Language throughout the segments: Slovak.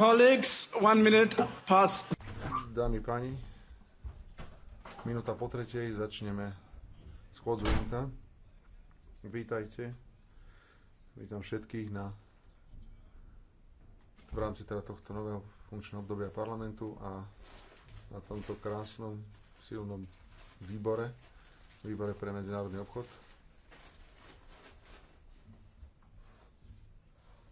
Colleagues, one minute past. Dámy páni, minúta po tretej začneme schôdzu Inta. Vítajte. Vítam všetkých na v rámci teda tohto nového funkčného obdobia parlamentu a na tomto krásnom, silnom výbore, výbore pre medzinárodný obchod.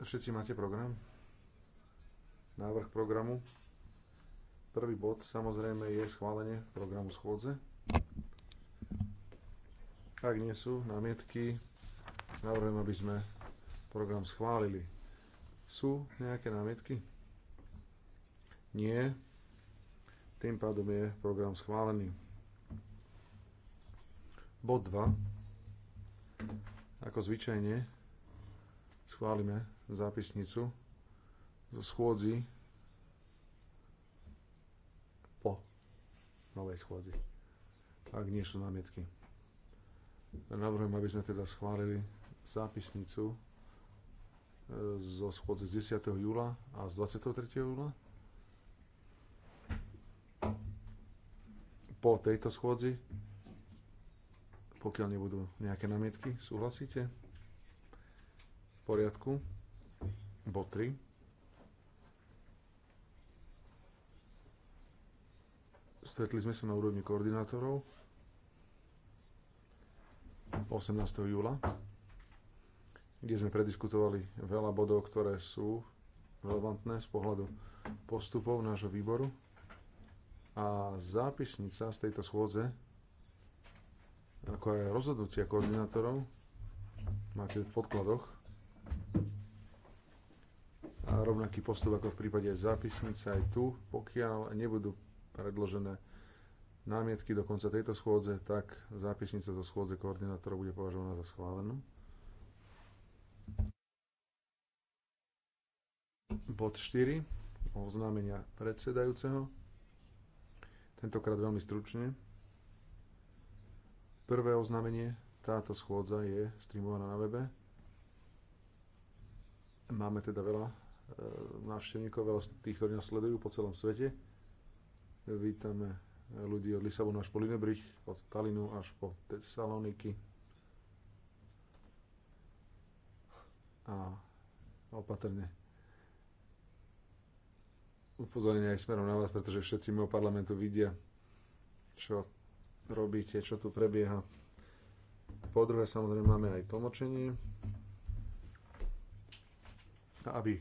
Všetci máte program? návrh programu. Prvý bod samozrejme je schválenie programu schôdze. Ak nie sú námietky, navrhujem, aby sme program schválili. Sú nejaké námietky? Nie. Tým pádom je program schválený. Bod 2. Ako zvyčajne schválime zápisnicu zo schôdzi po novej schôdzi, ak nie sú námietky. Navrhujem, aby sme teda schválili zápisnicu e, zo schôdze z 10. júla a z 23. júla. Po tejto schôdzi, pokiaľ nebudú nejaké namietky, súhlasíte? V poriadku. Bod 3. Stretli sme sa na úrovni koordinátorov 18. júla, kde sme prediskutovali veľa bodov, ktoré sú relevantné z pohľadu postupov nášho výboru. A zápisnica z tejto schôdze, ako aj rozhodnutia koordinátorov, máte v podkladoch. A rovnaký postup ako v prípade aj zápisnice aj tu, pokiaľ nebudú predložené námietky do konca tejto schôdze, tak zápisnica zo schôdze koordinátorov bude považovaná za schválenú. Bod 4. Oznámenia predsedajúceho. Tentokrát veľmi stručne. Prvé oznámenie. Táto schôdza je streamovaná na webe. Máme teda veľa e, návštevníkov, veľa tých, ktorí nás sledujú po celom svete. Vítame ľudí od Lisabonu až po Linebrich, od Talinu až po Tesaloniki. A opatrne upozornenie aj smerom na vás, pretože všetci mimo parlamentu vidia, čo robíte, čo tu prebieha. Po druhé, samozrejme, máme aj tlmočenie. A aby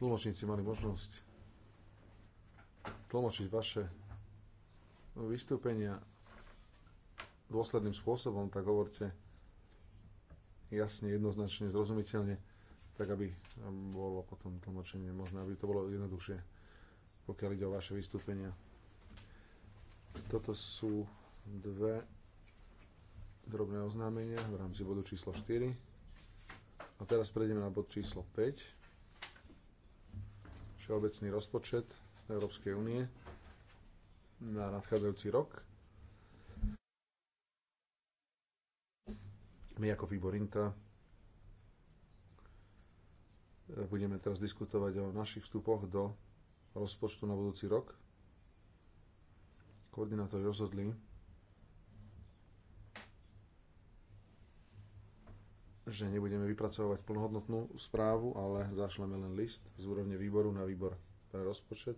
tlmočníci mali možnosť tlmočiť vaše vystúpenia dôsledným spôsobom, tak hovorte jasne, jednoznačne, zrozumiteľne, tak aby bolo potom tlmočenie možné, aby to bolo jednoduchšie, pokiaľ ide o vaše vystúpenia. Toto sú dve drobné oznámenia v rámci bodu číslo 4. A teraz prejdeme na bod číslo 5. Všeobecný rozpočet Európskej únie na nadchádzajúci rok. My ako výbor INTA budeme teraz diskutovať o našich vstupoch do rozpočtu na budúci rok. Koordinátori rozhodli, že nebudeme vypracovať plnohodnotnú správu, ale zašleme len list z úrovne výboru na výbor pre rozpočet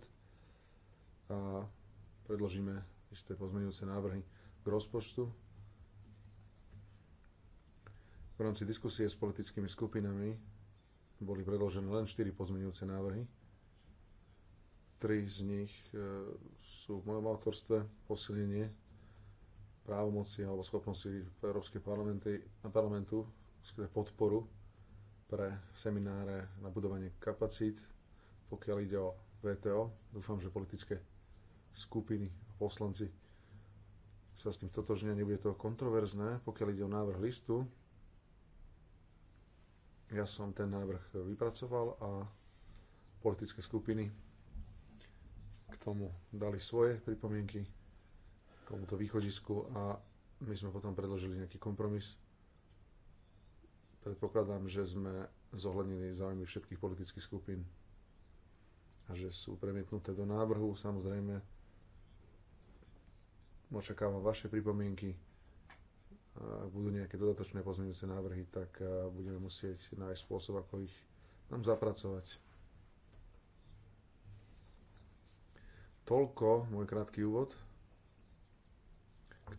a predložíme isté pozmeňujúce návrhy k rozpočtu. V rámci diskusie s politickými skupinami boli predložené len 4 pozmeňujúce návrhy. Tri z nich e, sú v mojom autorstve posilnenie právomoci alebo schopnosti Európskej parlamenty, parlamentu skrze podporu pre semináre na budovanie kapacít, pokiaľ ide o VTO. Dúfam, že politické skupiny a poslanci sa s tým totožnia, nebude to kontroverzné, pokiaľ ide o návrh listu. Ja som ten návrh vypracoval a politické skupiny k tomu dali svoje pripomienky k tomuto východisku a my sme potom predložili nejaký kompromis. Predpokladám, že sme zohľadnili záujmy všetkých politických skupín a že sú premietnuté do návrhu. Samozrejme, Očakávam vaše pripomienky. Ak budú nejaké dodatočné pozmeňujúce návrhy, tak eh, budeme musieť nájsť spôsob, ako ich nám zapracovať. Toľko môj krátky úvod.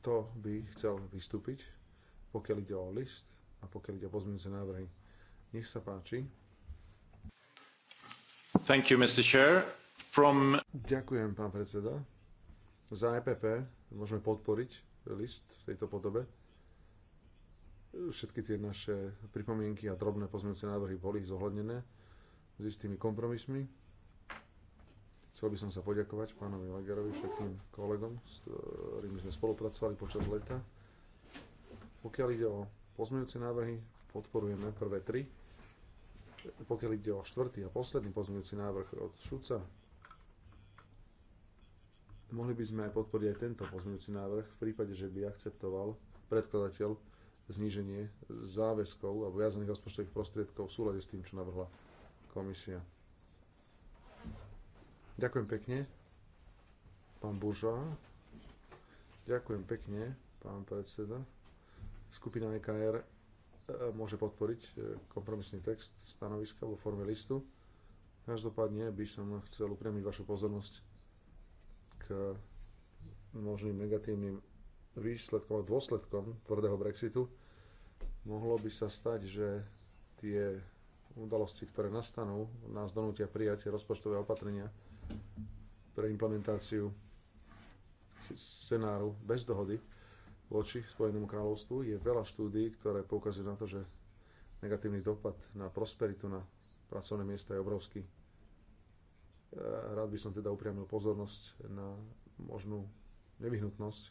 Kto by chcel vystúpiť, pokiaľ ide o list a pokiaľ ide o pozmeňujúce návrhy? Nech sa páči. Thank you, Mr. Chair. From... Ďakujem, pán predseda. Za EPP môžeme podporiť list v tejto podobe. Všetky tie naše pripomienky a drobné pozmeňujúce návrhy boli zohľadnené s istými kompromismi. Chcel by som sa poďakovať pánovi Lagerovi, všetkým kolegom, s ktorými sme spolupracovali počas leta. Pokiaľ ide o pozmeňujúce návrhy, podporujeme prvé tri. Pokiaľ ide o štvrtý a posledný pozmeňujúci návrh od Šuca, Mohli by sme aj podporiť aj tento pozmeňujúci návrh v prípade, že by akceptoval predkladateľ zníženie záväzkov alebo viazaných rozpočtových prostriedkov v súlade s tým, čo navrhla komisia. Ďakujem pekne. Pán Burža. Ďakujem pekne, pán predseda. Skupina EKR e, môže podporiť e, kompromisný text stanoviska vo forme listu. Každopádne by som chcel upriamiť vašu pozornosť Eh, možným negatívnym výsledkom a dôsledkom tvrdého Brexitu, mohlo by sa stať, že tie udalosti, ktoré nastanú, nás donútia prijať rozpočtové opatrenia pre implementáciu scenáru bez dohody voči Spojenému kráľovstvu. Je veľa štúdií, ktoré poukazujú na to, že negatívny dopad na prosperitu, na pracovné miesta je obrovský. Rád by som teda upriamil pozornosť na možnú nevyhnutnosť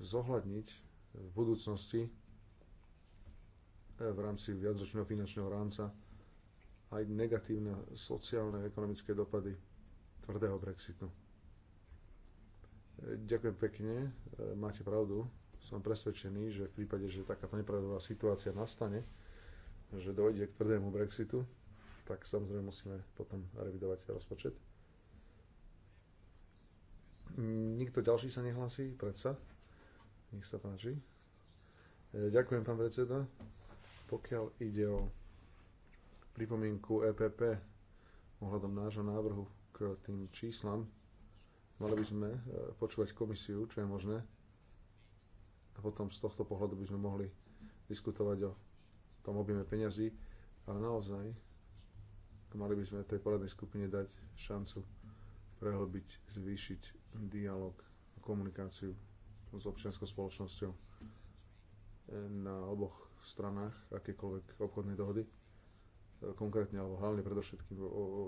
zohľadniť v budúcnosti eh, v rámci viacročného finančného rámca aj negatívne sociálne a ekonomické dopady tvrdého Brexitu. Eh, ďakujem pekne, eh, máte pravdu. Som presvedčený, že v prípade, že takáto nepravdová situácia nastane, že dojde k tvrdému Brexitu, tak samozrejme musíme potom revidovať rozpočet. Nikto ďalší sa nehlasí? Predsa? Nech sa páči. E, ďakujem, pán predseda. Pokiaľ ide o pripomienku EPP ohľadom nášho návrhu k tým číslam, mali by sme e, počúvať komisiu, čo je možné. A potom z tohto pohľadu by sme mohli diskutovať o tom objeme peňazí, ale naozaj mali by sme tej poradnej skupine dať šancu prehlbiť, zvýšiť dialog a komunikáciu s občianskou spoločnosťou e, na oboch stranách akékoľvek obchodnej dohody, e, konkrétne alebo hlavne predovšetkým v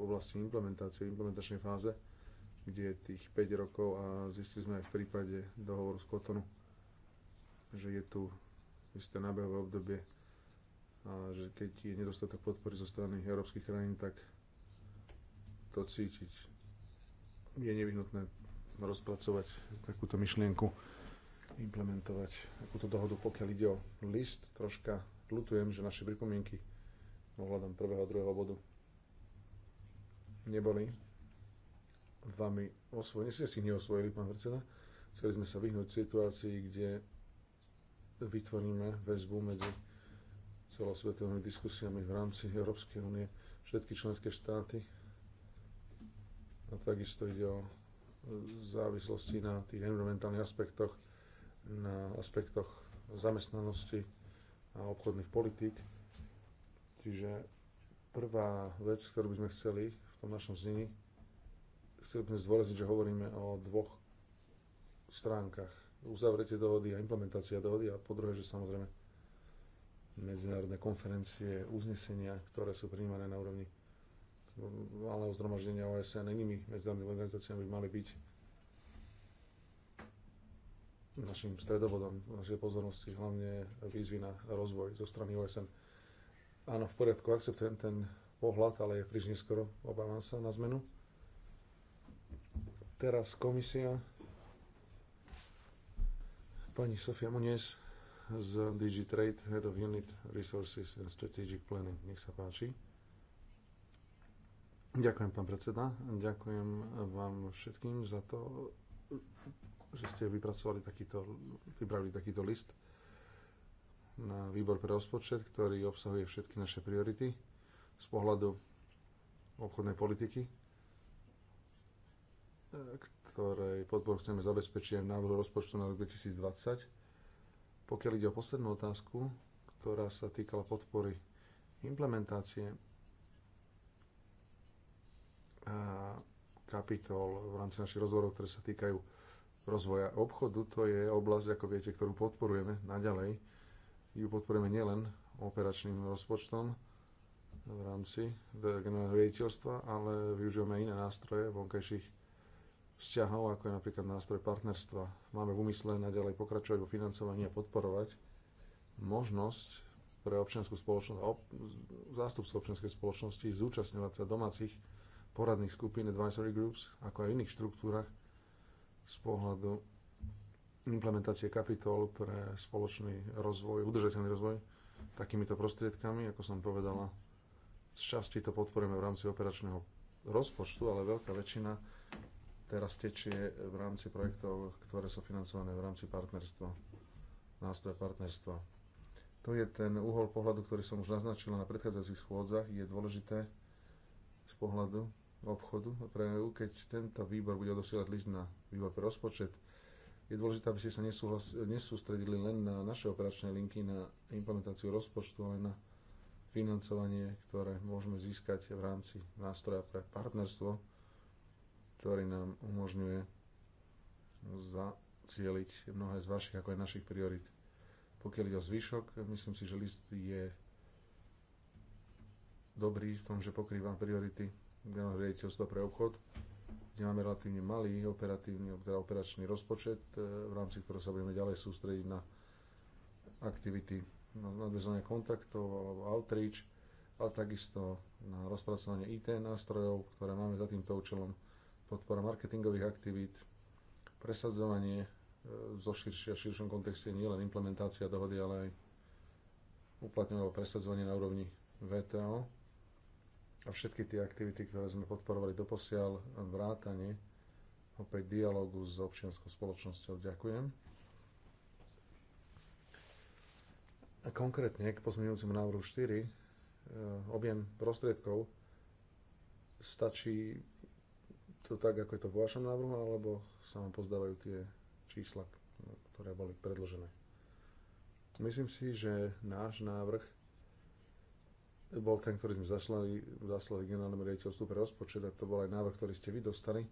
oblasti implementácie, implementačnej fáze, kde je tých 5 rokov a zistili sme aj v prípade dohovoru z Kotonu, že je tu isté nábehové obdobie a že keď je nedostatok podpory zo strany európskych krajín, tak to cítiť. Je nevyhnutné rozpracovať takúto myšlienku, implementovať takúto dohodu, pokiaľ ide o list. Troška ľutujem, že naše pripomienky ohľadom prvého a druhého bodu neboli vami osvojené. Ste si neosvojili, pán predseda. Chceli sme sa vyhnúť situácii, kde vytvoríme väzbu medzi celosvetovými diskusiami v rámci Európskej únie všetky členské štáty. A takisto ide o závislosti na tých environmentálnych aspektoch, na aspektoch zamestnanosti a obchodných politík. Čiže prvá vec, ktorú by sme chceli v tom našom znení, chceli by sme zdôrazniť, že hovoríme o dvoch stránkach. Uzavretie dohody a implementácia dohody a po druhé, že samozrejme medzinárodné konferencie, uznesenia, ktoré sú príjmané na úrovni valného zhromaždenia OSN inými medzinárodnými organizáciami by mali byť našim stredobodom našej pozornosti, hlavne výzvy na rozvoj zo strany OSN. Áno, v poriadku, akceptujem ten pohľad, ale je príliš neskoro, obávam sa na zmenu. Teraz komisia. Pani Sofia Munies z DigiTrade, Head of Unit Resources and Strategic Planning. Nech sa páči. Ďakujem, pán predseda. Ďakujem vám všetkým za to, že ste vypracovali takýto, vybrali takýto list na výbor pre rozpočet, ktorý obsahuje všetky naše priority z pohľadu obchodnej politiky, ktorej podporu chceme zabezpečiť aj v návrhu rozpočtu na rok 2020 pokiaľ ide o poslednú otázku, ktorá sa týkala podpory implementácie a kapitol v rámci našich rozhovorov, ktoré sa týkajú rozvoja obchodu, to je oblasť, ako viete, ktorú podporujeme naďalej. Ju podporujeme nielen operačným rozpočtom v rámci generálneho riaditeľstva, ale využívame iné nástroje vonkajších vzťahov, ako je napríklad nástroj partnerstva. Máme v úmysle naďalej pokračovať vo financovaní a podporovať možnosť pre občianskú spoločnosť a ob, zástupcov občianskej spoločnosti zúčastňovať sa domácich poradných skupín advisory groups, ako aj v iných štruktúrach z pohľadu implementácie kapitol pre spoločný rozvoj, udržateľný rozvoj takýmito prostriedkami, ako som povedala. Z časti to podporujeme v rámci operačného rozpočtu, ale veľká väčšina teraz tečie v rámci projektov, ktoré sú financované v rámci partnerstva, nástroja partnerstva. To je ten uhol pohľadu, ktorý som už naznačil na predchádzajúcich schôdzach. Je dôležité z pohľadu obchodu pre EU, keď tento výbor bude odosielať list na výbor pre rozpočet, je dôležité, aby ste sa nesústredili len na naše operačné linky, na implementáciu rozpočtu, ale na financovanie, ktoré môžeme získať v rámci nástroja pre partnerstvo ktorý nám umožňuje zacieliť mnohé z vašich, ako aj našich priorit. Pokiaľ ide o zvyšok, myslím si, že list je dobrý v tom, že pokrýva priority generálneho riaditeľstva pre obchod, kde máme relatívne malý operatívny, teda operačný rozpočet, e, v rámci ktorého sa budeme ďalej sústrediť na aktivity na nadväzanie kontaktov alebo outreach, ale takisto na rozpracovanie IT nástrojov, ktoré máme za týmto účelom podpora marketingových aktivít, presadzovanie e, zo širšia, širšom kontexte nielen implementácia dohody, ale aj uplatňovalo presadzovanie na úrovni VTO a všetky tie aktivity, ktoré sme podporovali doposiaľ, vrátanie opäť dialogu s občianskou spoločnosťou. Ďakujem. A konkrétne k pozmeňujúcemu návrhu 4 e, objem prostriedkov stačí to tak, ako je to vo vašom návrhu, alebo sa vám pozdávajú tie čísla, ktoré boli predložené? Myslím si, že náš návrh bol ten, ktorý sme zaslali, zaslali generálnemu riaditeľstvu pre rozpočet a to bol aj návrh, ktorý ste vy dostali.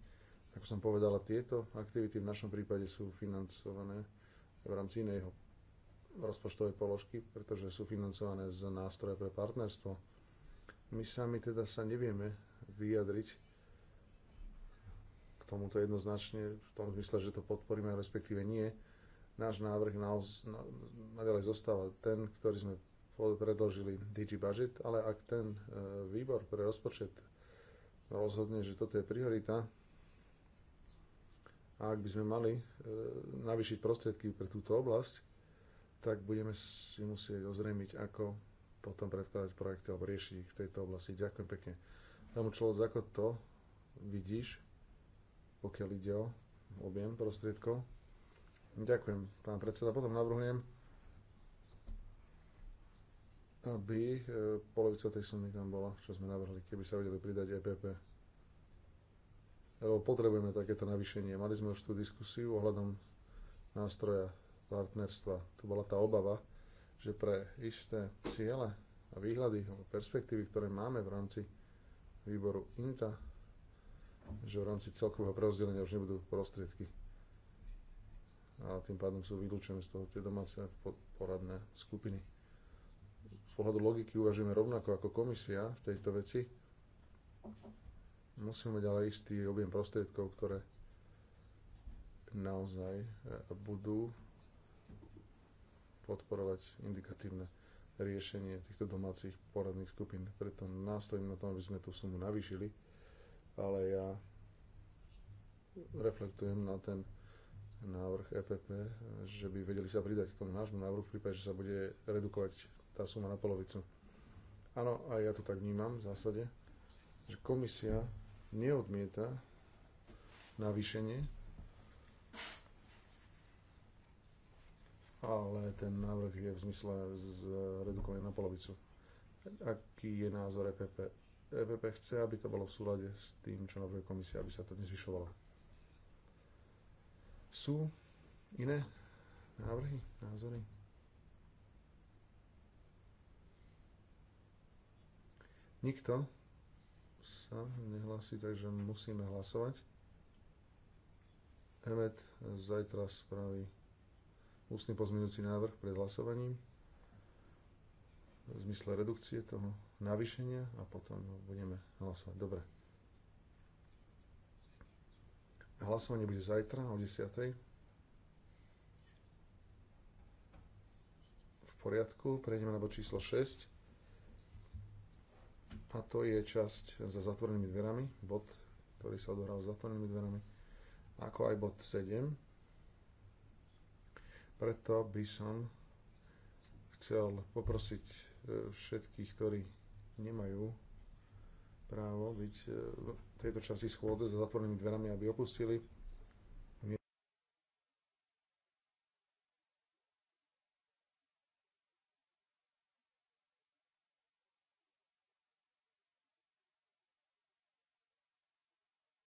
Ako som povedala, tieto aktivity v našom prípade sú financované v rámci iného rozpočtovej položky, pretože sú financované z nástroja pre partnerstvo. My sami teda sa nevieme vyjadriť tomuto jednoznačne, v tom zmysle, že to podporíme, respektíve nie. Náš návrh naďalej na, na zostáva ten, ktorý sme predložili DG Budget, ale ak ten e, výbor pre rozpočet rozhodne, že toto je priorita, a ak by sme mali e, navýšiť prostriedky pre túto oblasť, tak budeme si musieť ozrejmiť, ako potom predkladať projekty alebo riešiť ich v tejto oblasti. Ďakujem pekne. Tomu človek, ako to vidíš, pokiaľ ide o objem prostriedkov. Ďakujem, pán predseda. Potom navrhujem, aby e, polovica tej sumy tam bola, čo sme navrhli, keby sa vedeli pridať EPP. Lebo potrebujeme takéto navýšenie. Mali sme už tú diskusiu ohľadom nástroja partnerstva. Tu bola tá obava, že pre isté ciele a výhľady, perspektívy, ktoré máme v rámci výboru INTA, že v rámci celkového prerozdelenia už nebudú prostriedky. A tým pádom sú vylúčené z toho tie domáce poradné skupiny. Z pohľadu logiky uvažujeme rovnako ako komisia v tejto veci. Musíme mať ale istý objem prostriedkov, ktoré naozaj e, budú podporovať indikatívne riešenie týchto domácich poradných skupín. Preto nástojím na tom, aby sme tú sumu navýšili ale ja reflektujem na ten návrh EPP, že by vedeli sa pridať k tomu nášmu návrhu v prípade, že sa bude redukovať tá suma na polovicu. Áno, aj ja to tak vnímam v zásade, že komisia neodmieta navýšenie, ale ten návrh je v zmysle zredukovania na polovicu. Aký je názor EPP? EPP chce, aby to bolo v súlade s tým, čo navrhuje komisia, aby sa to nezvyšovalo. Sú iné návrhy, názory? Nikto sa nehlási, takže musíme hlasovať. Emet zajtra spraví ústny pozmeňujúci návrh pred hlasovaním v zmysle redukcie toho navýšenia a potom budeme hlasovať. Dobre. Hlasovanie bude zajtra o 10. V poriadku, prejdeme na bod číslo 6. A to je časť za zatvorenými dverami, bod, ktorý sa odohral za zatvorenými dverami, ako aj bod 7. Preto by som chcel poprosiť e, všetkých, ktorí nemajú právo byť eh, v tejto časti schôdze za zatvorenými dverami, aby opustili